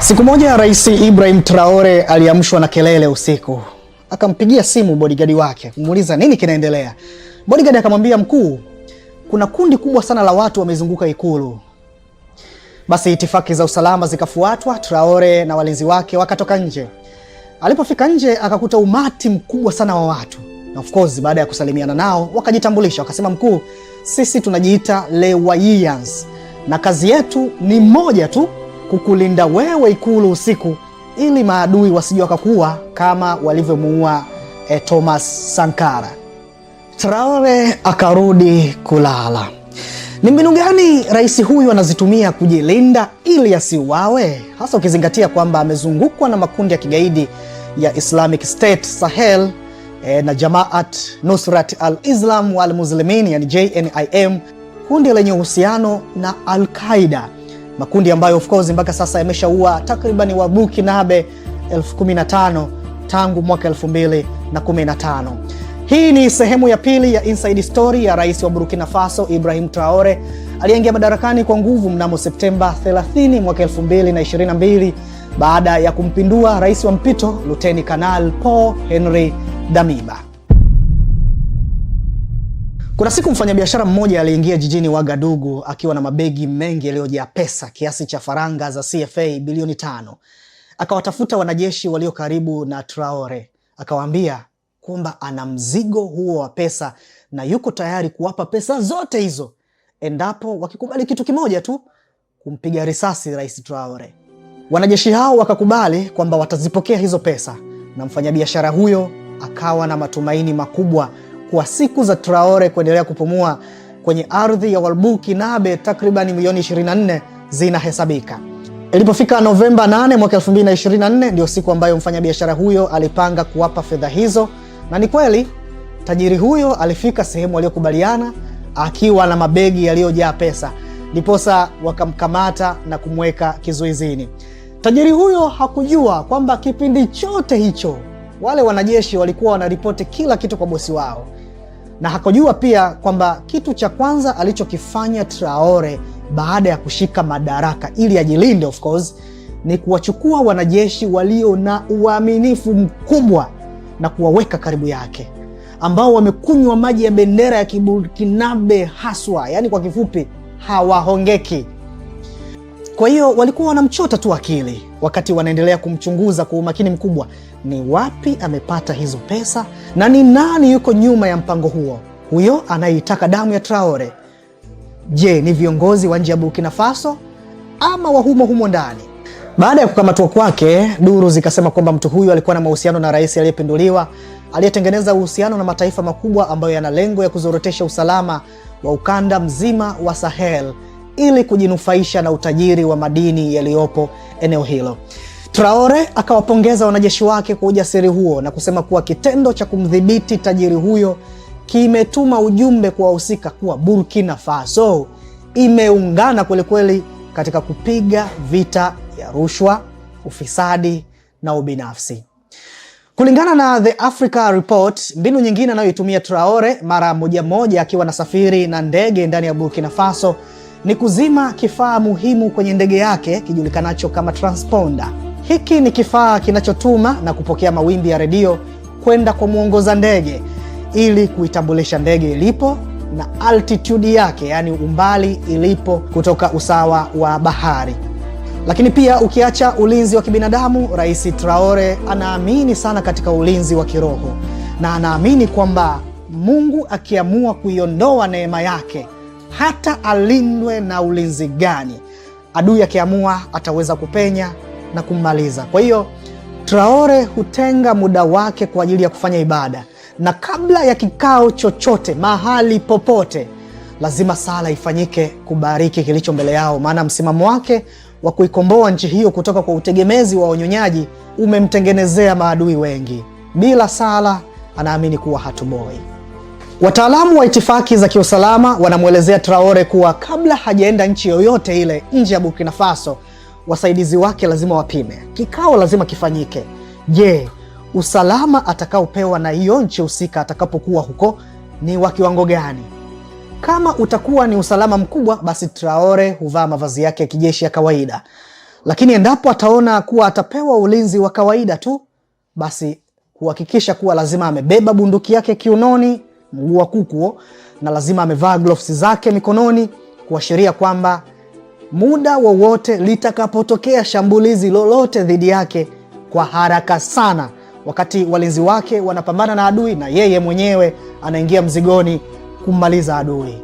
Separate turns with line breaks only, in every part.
Siku moja Rais Ibrahim Traore aliamshwa na kelele usiku, akampigia simu bodigadi wake kumuuliza nini kinaendelea. Bodigadi akamwambia, mkuu, kuna kundi kubwa sana la watu wamezunguka Ikulu. Basi itifaki za usalama zikafuatwa, Traore na walinzi wake wakatoka nje. Alipofika nje akakuta umati mkubwa sana wa watu, na of course, baada ya kusalimiana nao wakajitambulisha, wakasema, mkuu, sisi tunajiita Lewayans na kazi yetu ni moja tu kukulinda wewe Ikulu usiku, ili maadui wasije wakakuwa kama walivyomuua eh, Thomas Sankara. Traore akarudi kulala. Ni mbinu gani rais huyu anazitumia kujilinda ili asiuawe, hasa ukizingatia kwamba amezungukwa na makundi ya kigaidi ya Islamic State Sahel eh, na Jamaat Nusrat al-Islam wal Muslimin, yani JNIM, kundi lenye uhusiano na Al-Qaida makundi ambayo of course mpaka sasa yameshaua takriban wa elfu 15 tangu mwaka 215 Hii ni sehemu ya pili ya Inside Story ya rais wa Burkina Faso Ibrahim Traore aliyeingia madarakani kwa nguvu mnamo Septemba 30 mwaka 2022 baada ya kumpindua rais wa mpito Luteni Kanal Paul Henry Damiba. Kuna siku mfanyabiashara mmoja aliingia jijini Wagadugu akiwa na mabegi mengi yaliyojaa pesa kiasi cha faranga za CFA bilioni tano. Akawatafuta wanajeshi walio karibu na Traore, akawaambia kwamba ana mzigo huo wa pesa na yuko tayari kuwapa pesa zote hizo endapo wakikubali kitu kimoja tu, kumpiga risasi Rais Traore. Wanajeshi hao wakakubali kwamba watazipokea hizo pesa, na mfanyabiashara huyo akawa na matumaini makubwa kwa siku za Traore kuendelea kupumua kwenye ardhi ya nabe takriban milioni 24 zinahesabika. Ilipofika Novemba 8 mwaka 2024 ndio siku ambayo mfanyabiashara huyo alipanga kuwapa fedha hizo, na ni kweli tajiri huyo alifika sehemu waliokubaliana akiwa na mabegi yaliyojaa pesa, ndiposa wakamkamata na kumweka kizuizini. Tajiri huyo hakujua kwamba kipindi chote hicho wale wanajeshi walikuwa wanaripoti kila kitu kwa bosi wao na hakujua pia kwamba kitu cha kwanza alichokifanya Traore baada ya kushika madaraka ili ajilinde, of course, ni kuwachukua wanajeshi walio na uaminifu mkubwa na kuwaweka karibu yake, ambao wamekunywa maji ya bendera ya kiburkinabe haswa, yaani kwa kifupi hawahongeki. Kwa hiyo walikuwa wanamchota tu akili wakati wanaendelea kumchunguza kwa umakini mkubwa, ni wapi amepata hizo pesa na ni nani yuko nyuma ya mpango huo. Huyo anayeitaka damu ya Traore, je, ni viongozi wa nje ya Burkina Faso ama wahumohumo humo ndani? Baada ya kukamatwa kwake, duru zikasema kwamba mtu huyu alikuwa na mahusiano na rais aliyepinduliwa aliyetengeneza uhusiano na mataifa makubwa ambayo yana lengo ya kuzorotesha usalama wa ukanda mzima wa Sahel ili kujinufaisha na utajiri wa madini yaliyopo eneo hilo. Traore akawapongeza wanajeshi wake kwa ujasiri huo na kusema kuwa kitendo cha kumdhibiti tajiri huyo kimetuma ujumbe kwa wahusika kuwa Burkina Faso imeungana kwelikweli katika kupiga vita ya rushwa, ufisadi na ubinafsi. Kulingana na The Africa Report, mbinu nyingine anayoitumia Traore mara moja moja akiwa na safiri na ndege ndani ya Burkina Faso ni kuzima kifaa muhimu kwenye ndege yake kijulikanacho kama transponda. Hiki ni kifaa kinachotuma na kupokea mawimbi ya redio kwenda kwa mwongoza ndege ili kuitambulisha ndege ilipo na altitudi yake, yaani umbali ilipo kutoka usawa wa bahari. Lakini pia ukiacha ulinzi wa kibinadamu, Rais Traore anaamini sana katika ulinzi wa kiroho na anaamini kwamba Mungu akiamua kuiondoa neema yake hata alindwe na ulinzi gani, adui akiamua ataweza kupenya na kummaliza. Kwa hiyo Traore hutenga muda wake kwa ajili ya kufanya ibada, na kabla ya kikao chochote mahali popote, lazima sala ifanyike kubariki kilicho mbele yao, maana msimamo wake wa kuikomboa nchi hiyo kutoka kwa utegemezi wa wanyonyaji umemtengenezea maadui wengi. Bila sala, anaamini kuwa hatoboi. Wataalamu wa itifaki za kiusalama wanamwelezea Traore kuwa kabla hajaenda nchi yoyote ile nje ya Burkina Faso, wasaidizi wake lazima wapime. Kikao lazima kifanyike. Je, usalama atakaopewa na hiyo nchi husika atakapokuwa huko ni wa kiwango gani? Kama utakuwa ni usalama mkubwa, basi Traore huvaa mavazi yake ya kijeshi ya kawaida, lakini endapo ataona kuwa atapewa ulinzi wa kawaida tu, basi huhakikisha kuwa lazima amebeba bunduki yake kiunoni mguu wa kuku, na lazima amevaa gloves zake mikononi kuashiria kwamba muda wowote litakapotokea shambulizi lolote dhidi yake, kwa haraka sana, wakati walinzi wake wanapambana na adui na yeye mwenyewe anaingia mzigoni kummaliza adui.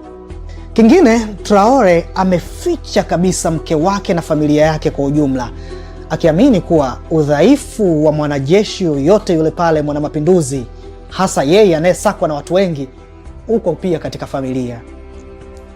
Kingine, Traore ameficha kabisa mke wake na familia yake kwa ujumla, akiamini kuwa udhaifu wa mwanajeshi yoyote yule pale mwanamapinduzi hasa yeye anayesakwa na watu wengi, uko pia katika familia,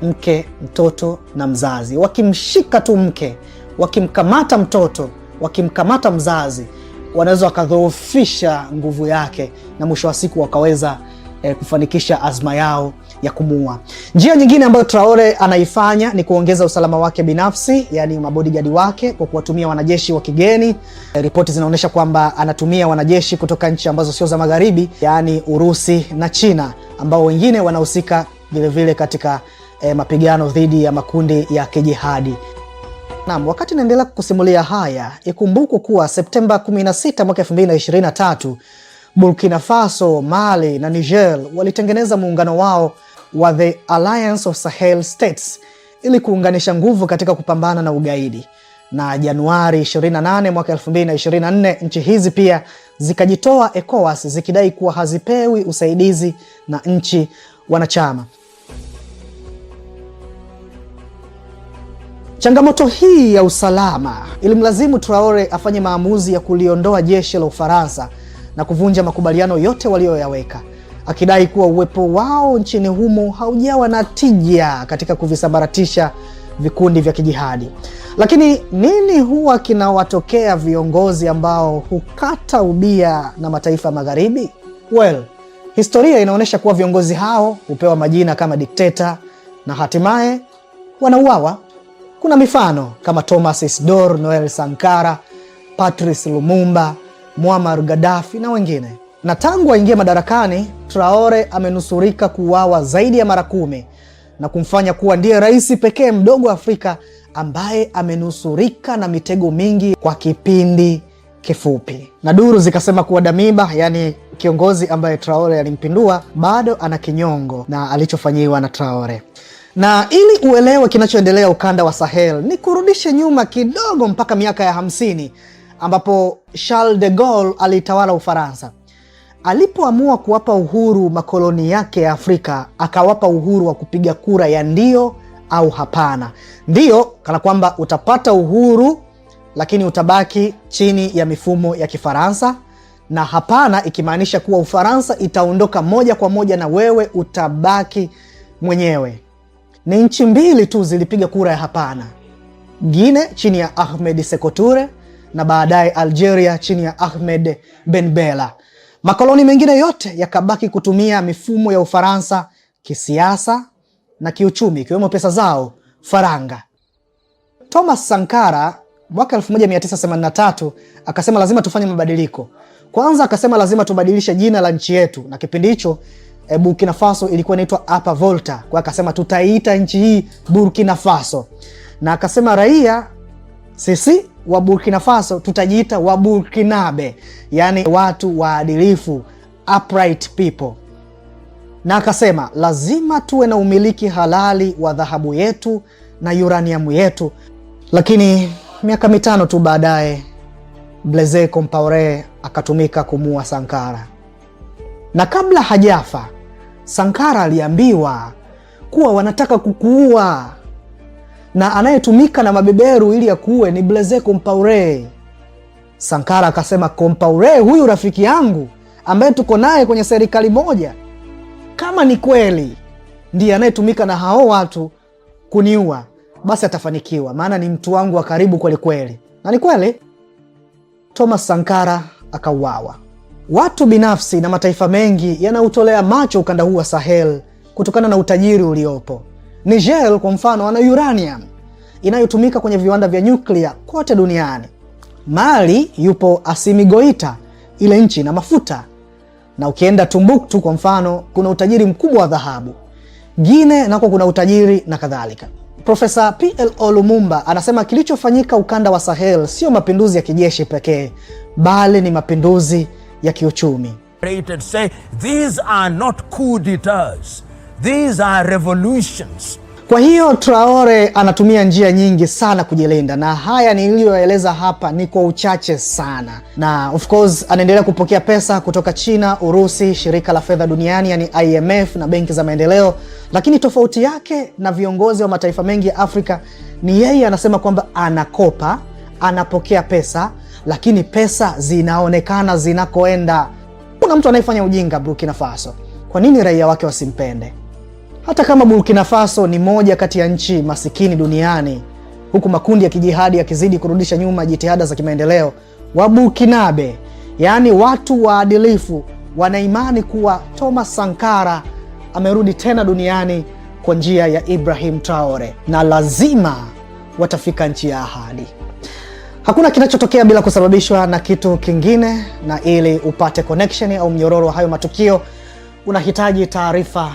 mke, mtoto na mzazi. Wakimshika tu mke, wakimkamata mtoto, wakimkamata mzazi, wanaweza wakadhoofisha nguvu yake na mwisho wa siku wakaweza eh, kufanikisha azma yao ya kumuua. Njia nyingine ambayo Traore anaifanya ni kuongeza usalama wake binafsi, yani mabodigadi wake kwa kuwatumia wanajeshi wa kigeni. Eh, ripoti zinaonyesha kwamba anatumia wanajeshi kutoka nchi ambazo sio za magharibi, yani Urusi na China, ambao wengine wanahusika vilevile katika eh, mapigano dhidi ya makundi ya kijihadi. Naam, wakati naendelea kusimulia haya, ikumbukwe kuwa Septemba 16 mwaka 2023 Burkina Faso, Mali na Niger walitengeneza muungano wao wa The Alliance of Sahel States ili kuunganisha nguvu katika kupambana na ugaidi. Na Januari 28 mwaka 2024 nchi hizi pia zikajitoa ECOWAS zikidai kuwa hazipewi usaidizi na nchi wanachama. Changamoto hii ya usalama ilimlazimu Traore afanye maamuzi ya kuliondoa jeshi la Ufaransa na kuvunja makubaliano yote walioyaweka akidai kuwa uwepo wao nchini humo haujawa na tija katika kuvisambaratisha vikundi vya kijihadi. Lakini nini huwa kinawatokea viongozi ambao hukata ubia na mataifa magharibi? Well, historia inaonyesha kuwa viongozi hao hupewa majina kama dikteta na hatimaye wanauawa. Kuna mifano kama Thomas Isidore Noel Sankara, Patrice Lumumba Muammar Gaddafi na wengine. Na tangu aingie madarakani, Traore amenusurika kuuawa zaidi ya mara kumi na kumfanya kuwa ndiye rais pekee mdogo Afrika ambaye amenusurika na mitego mingi kwa kipindi kifupi. Na duru zikasema kuwa Damiba, yani kiongozi ambaye Traore alimpindua, bado ana kinyongo na alichofanyiwa na Traore. Na ili uelewe kinachoendelea ukanda wa Sahel, ni kurudishe nyuma kidogo mpaka miaka ya hamsini ambapo Charles de Gaulle alitawala Ufaransa. Alipoamua kuwapa uhuru makoloni yake ya Afrika, akawapa uhuru wa kupiga kura ya ndio au hapana. Ndio kana kwamba utapata uhuru lakini utabaki chini ya mifumo ya Kifaransa, na hapana ikimaanisha kuwa Ufaransa itaondoka moja kwa moja na wewe utabaki mwenyewe. Ni nchi mbili tu zilipiga kura ya hapana, Guinea chini ya Ahmed Sekoture na baadaye Algeria chini ya Ahmed Ben Bella. Makoloni mengine yote yakabaki kutumia mifumo ya Ufaransa kisiasa na kiuchumi, ikiwemo pesa zao faranga. Thomas Sankara mwaka 1983 akasema lazima tufanye mabadiliko. Kwanza akasema lazima tubadilishe jina la nchi yetu, na kipindi hicho e, Burkina Faso ilikuwa inaitwa Upper Volta, kwa hiyo akasema tutaiita nchi hii Burkina Faso, na akasema raia sisi wa Burkina Faso tutajiita Waburkinabe, yaani watu waadilifu, upright people. Na akasema lazima tuwe na umiliki halali wa dhahabu yetu na uraniamu yetu. Lakini miaka mitano tu baadaye Blaise Compaore akatumika kumuua Sankara, na kabla hajafa Sankara aliambiwa kuwa wanataka kukuua na anayetumika na mabeberu ili akuue ni Blaise Compaore. Sankara akasema, Compaore huyu rafiki yangu ambaye tuko naye kwenye serikali moja, kama ni kweli ndiye anayetumika na hao watu kuniua, basi atafanikiwa, maana ni mtu wangu wa karibu kweli kweli. Na ni kweli Thomas Sankara akauawa. Watu binafsi na mataifa mengi yanautolea macho ukanda huu wa Sahel kutokana na utajiri uliopo. Niger kwa mfano ana uranium inayotumika kwenye viwanda vya nyuklia kote duniani. Mali yupo asimigoita ile nchi ina mafuta, na ukienda Tumbuktu kwa mfano kuna utajiri mkubwa wa dhahabu. Gine nako kuna utajiri na kadhalika. Profesa PLO Lumumba anasema kilichofanyika ukanda wa Sahel sio mapinduzi ya kijeshi pekee, bali ni mapinduzi ya kiuchumi. Say, these are not coup d'etats. These are revolutions. Kwa hiyo Traore anatumia njia nyingi sana kujilinda, na haya niliyoeleza hapa ni kwa uchache sana, na of course anaendelea kupokea pesa kutoka China, Urusi, shirika la fedha duniani yani IMF na benki za maendeleo. Lakini tofauti yake na viongozi wa mataifa mengi ya Afrika ni yeye anasema kwamba anakopa, anapokea pesa, lakini pesa zinaonekana zinakoenda. Kuna mtu anayefanya ujinga Burkina Faso. Kwa nini raia wake wasimpende? Hata kama Burkina Faso ni moja kati ya nchi masikini duniani, huku makundi ya kijihadi yakizidi kurudisha nyuma jitihada za kimaendeleo, Waburkinabe, yaani watu waadilifu, wanaimani kuwa Thomas Sankara amerudi tena duniani kwa njia ya Ibrahim Traore na lazima watafika nchi ya ahadi. Hakuna kinachotokea bila kusababishwa na kitu kingine, na ili upate connection au mnyororo wa hayo matukio unahitaji taarifa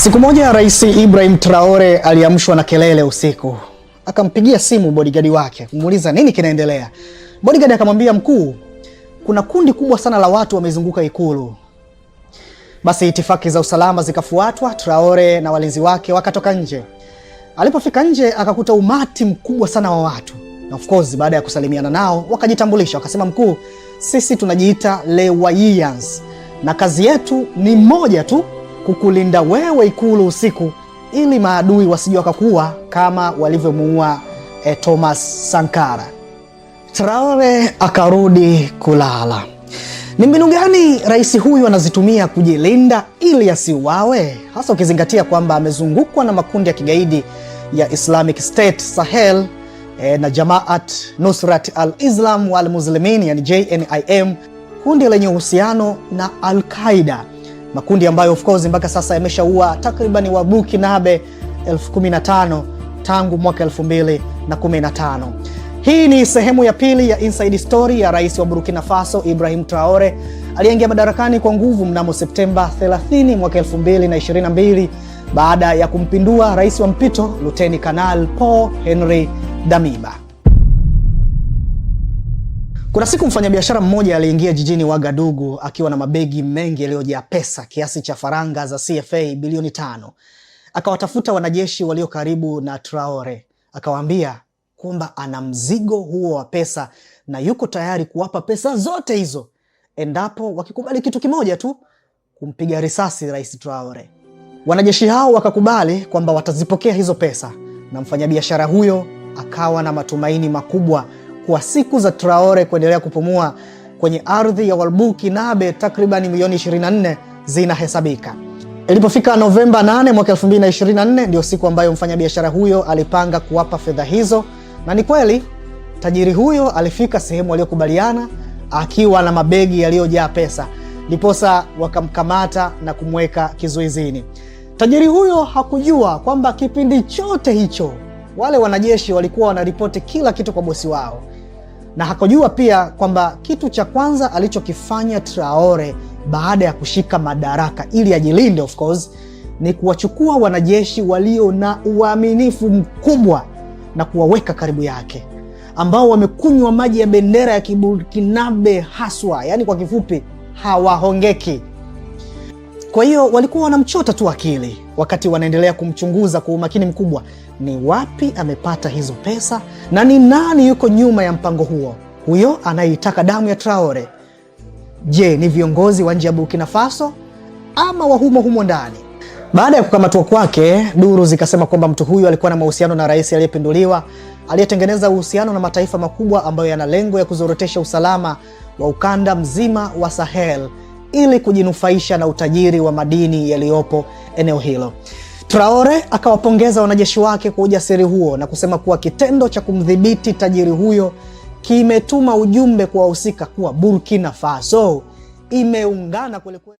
Siku moja Rais Ibrahim Traore aliamshwa na kelele usiku, akampigia simu bodigadi wake kumuuliza nini kinaendelea. Bodyguard akamwambia, mkuu, kuna kundi kubwa sana la watu wamezunguka Ikulu. Basi itifaki za usalama zikafuatwa, Traore na walinzi wake wakatoka nje. Alipofika nje, akakuta umati mkubwa sana wa watu, na of course, baada ya kusalimiana nao wakajitambulisha, wakasema, mkuu, sisi tunajiita Lewayians na kazi yetu ni moja tu kukulinda wewe ikulu usiku, ili maadui wasije wakakuwa kama walivyomuua e, Thomas Sankara. Traore akarudi kulala. Ni mbinu gani rais huyu anazitumia kujilinda ili asiuawe, hasa ukizingatia kwamba amezungukwa na makundi ya kigaidi ya Islamic State Sahel eh, na Jamaat Nusrat al-Islam wal Muslimin yani JNIM, kundi lenye uhusiano na Al-Qaida makundi ambayo of course mpaka sasa yameshaua takriban Wabukinabe nabe 15 tangu mwaka 2015. Hii ni sehemu ya pili ya Inside Story ya rais wa Burkina Faso Ibrahim Traore aliyeingia madarakani kwa nguvu mnamo Septemba 30 mwaka 2022 baada ya kumpindua rais wa mpito Luteni Kanal Paul Henry Damiba. Kuna siku mfanyabiashara mmoja aliingia jijini Wagadugu akiwa na mabegi mengi yaliyojaa pesa kiasi cha faranga za CFA bilioni tano. Akawatafuta wanajeshi walio karibu na Traore, akawaambia kwamba ana mzigo huo wa pesa na yuko tayari kuwapa pesa zote hizo endapo wakikubali kitu kimoja tu, kumpiga risasi Rais Traore. Wanajeshi hao wakakubali kwamba watazipokea hizo pesa, na mfanyabiashara huyo akawa na matumaini makubwa kwa siku za Traore kuendelea kupumua kwenye ardhi ya walbuki nabe takriban milioni 24 zinahesabika. Ilipofika Novemba 8 mwaka 2024 ndio siku ambayo mfanyabiashara huyo alipanga kuwapa fedha hizo, na ni kweli tajiri huyo alifika sehemu aliyokubaliana akiwa na mabegi yaliyojaa pesa, ndiposa wakamkamata na kumweka kizuizini. Tajiri huyo hakujua kwamba kipindi chote hicho wale wanajeshi walikuwa wanaripoti kila kitu kwa bosi wao, na hakujua pia kwamba kitu cha kwanza alichokifanya Traore baada ya kushika madaraka ili ajilinde, of course, ni kuwachukua wanajeshi walio na uaminifu mkubwa na kuwaweka karibu yake, ambao wamekunywa maji ya bendera ya Kiburkinabe haswa, yaani kwa kifupi hawahongeki. Kwa hiyo walikuwa wanamchota tu akili wakati wanaendelea kumchunguza kwa umakini mkubwa, ni wapi amepata hizo pesa na ni nani yuko nyuma ya mpango huo, huyo anayeitaka damu ya Traore. Je, ni viongozi wa nje ya Burkina Faso ama wa humo humo ndani? Baada ya kukamatwa kwake, duru zikasema kwamba mtu huyu alikuwa na mahusiano na rais aliyepinduliwa aliyetengeneza uhusiano na mataifa makubwa ambayo yana lengo ya kuzorotesha usalama wa ukanda mzima wa Sahel ili kujinufaisha na utajiri wa madini yaliyopo eneo hilo. Traore akawapongeza wanajeshi wake kwa ujasiri huo na kusema kuwa kitendo cha kumdhibiti tajiri huyo kimetuma ujumbe kwa wahusika kuwa Burkina Faso imeungana kwelikweli.